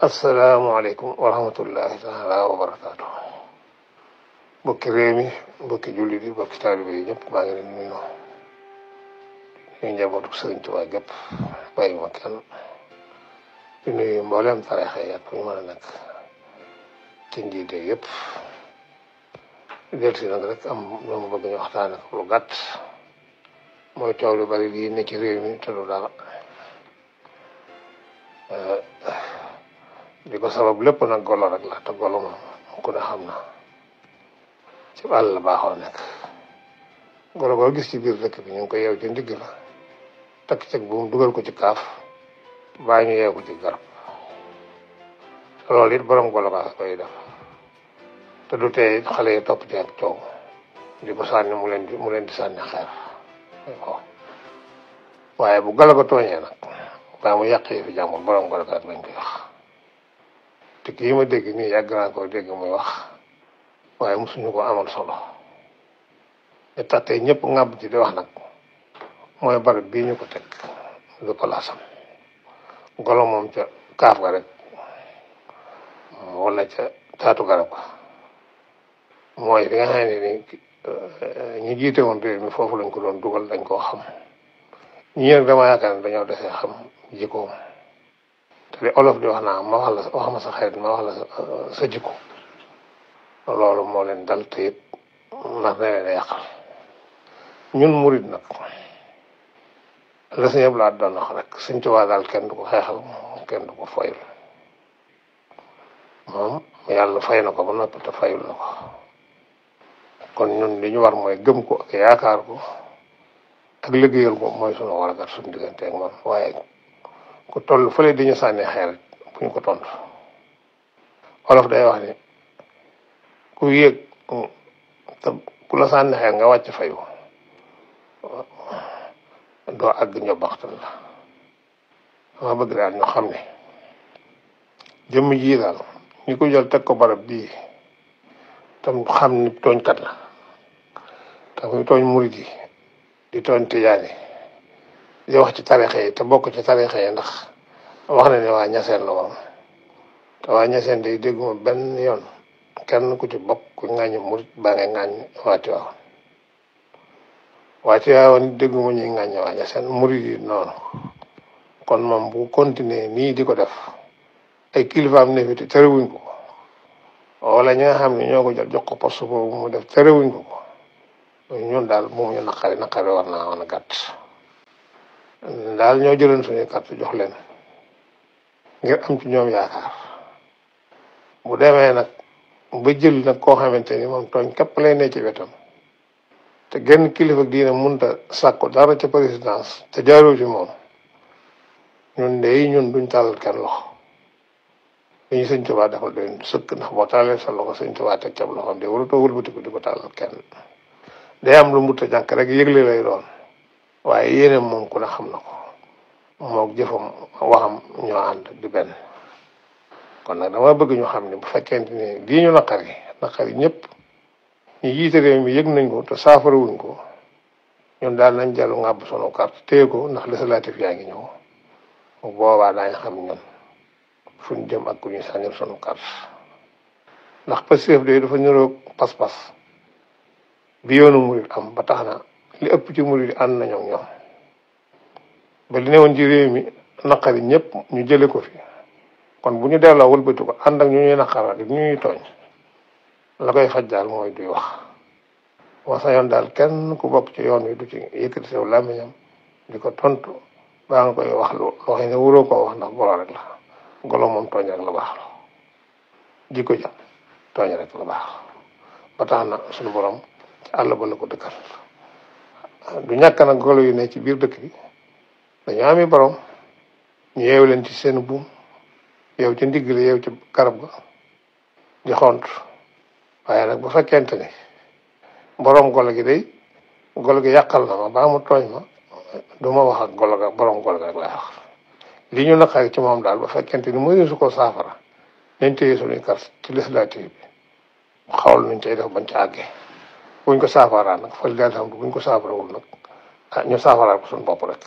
asalaamualeykum wa rahmatullahi taala wa barakaatu mbokki réew mi mbokki jullit yi mbokki taalibe yi ñëpp maa ngi leen nuyu ñu njabootu sëriñ Tuubaa gépp bàyyi ma kenn di nuyu mbooleem tarixa yi ak ñu mën a nekk ci rek am lu ma bëgg ñu waxtaane lu gàtt mooy coow lu bari lii ne réew mi te du dara di ko sabab lepp nak golo rek la te golo ma ko ne xamna ci ci ba xol nekk golo boo gis ci bir rek bi ñu ko yew ci ndig la tak ceg bu duggal dugal ko ci kaf baa ñu yew ko ci garap lolit borom golo ba koy def te du tey xale yi ci ak coow di ko sànni mu len mu len di xaar ko waye bu galago toñe nak ba mu yaqé fi jamm borom golo ba lañ koy wax te kii ma dégg nii yàgg naa koo dégg muy wax waaye mosuñu koo amal solo te ñëpp ŋàbb ci di wax nag mooy bari bii ñu ko teg du palaasam golo moom ca kaaf ga rek wala ca taatu garab ga mooy fi nga xam ne eh, woon foofu lañ ko doon dugal dañ koo xam ñi nag dama yaakaar ne dañoo desee xam jikkoom li olof di wax naa ma wax la wax ma sa xarit ma wax la sa jikko loolu moo leen dal te it ndax ne leen ñun murit nag la sëñ Abdu Lahat doon wax rek Sëñ Tuubaa daal kenn du ko xeexal kenn du ko fayul moom fay na ko ba noppi te fayul na ko kon ñun li ñu war mooy gëm ko ak yaakaar ko ak liggéeyal ko mooy sunu war a gar suñu diggante moom waaye ko toll fële di ñu sànni xeer bu ko tontu olof day wax ni ku yéeg te ku la sànni nga wàcc fayu doo àgg ñoo baxtan la dama bëgg daal ñu xam ne jëmm jii daal ñi ko jël teg ko barab bii tam xam ni tooñkat la tam tooñ murid di tooñ tijaan di wax ci tarixa yi te bokk ci tarixa yi ndax wax na ne waa ñaseen la woon te waa ñaseen day dégguma benn yoon kenn ku ci bokk ku ŋàññi murit baa ngay ŋàññ waa Tiwaawan waa Tiwaawan dégguma ñuy ŋàññ waa ñaseen murit yi noonu kon moom bu continuer nii di ko def ay kilifaam ne fi te terewuñ ko wala ñi nga xam ne ñoo ko jot jox ko boobu mu def terewuñ ko ko ñun daal moom ñu naqari naqari war naa a gàtt daal ñoo jëloon suñuy carte jox leen ngir am ci ñoom yaakaar bu demee nag ba jël nag koo xamante ni moom tooñ képp lay ne ci wetam te genn kilifa diine munta sàkku dara ca présidence te jaaroo ci moom ñun dey ñun duñ tàllal kenn loxo li ñu sëñ Tuubaa defal doy sëkk ndax boo tàllee sa loxo sëñ Tuubaa ca loxoom de warutoo wëlbatiku di ko tàllal kenn am lu mutta jànk rek yëgle lay doon waaye yéeneem moom ku ne xam na ko mook jëfam waxam ñoo ànd di benn kon nag dama bëgg ñu xam ne bu fekkente ne lii ñu naqar yi naqar ñëpp ñu jiite réew mi yëg nañ ko te wuñ ko ñun daal nañ jàllu ngàbb sunu carte téye ko ndax législatif yaa ngi ñëw bu boobaa daañ xam ñun fuñ jëm ak ku ñu sànni sunu carte ndax Pastef day dafa niroog pas-pas bi yoonu murit am ba tax na li ëpp ci murid ànd nañoo ñoom ba li newoon ci réew mi naqari ñëpp ñu jële ko fi kon bu ñu delloo wëlbati ko ànd ak ñu ñuy naqara ñu ñuy tooñ la koy faj daal mooy duy wax wax sa yoon daal kenn ku bokk ci yoon wi du ci yëkkati wu làmmiñam di ko tontu baa nga koy wax lu loo xam ne wuroo koo wax ndax golo rek la golo moom tooñ rek la baax la jikko ja tooñ rek la baax ba tax na suñu borom ci àll ba la ko dëkkal du ñàkk na golo yu ne ci biir dëkk bi dañoo ami borom ñu yeew leen ci seen buum yeew ci ndigg la yeew ci garab ga di xont waaye nag bu fekkent ni borom golo gi day golo gi yàqal na ma baa mu tooñ ma du ma wax ak golo ga borom golo ga rek laay li ñu naqari ci moom daal ba fekkente ni mënuñu su ko saafara nañ téye suñuy kar ci législative bi xawal nuñ cay def bañ ca àggee buñ ko saafaraal nag fa lillaahil hamdu buñ ko saafarawul nag ah ñu saafaraal ko suñu bopp rek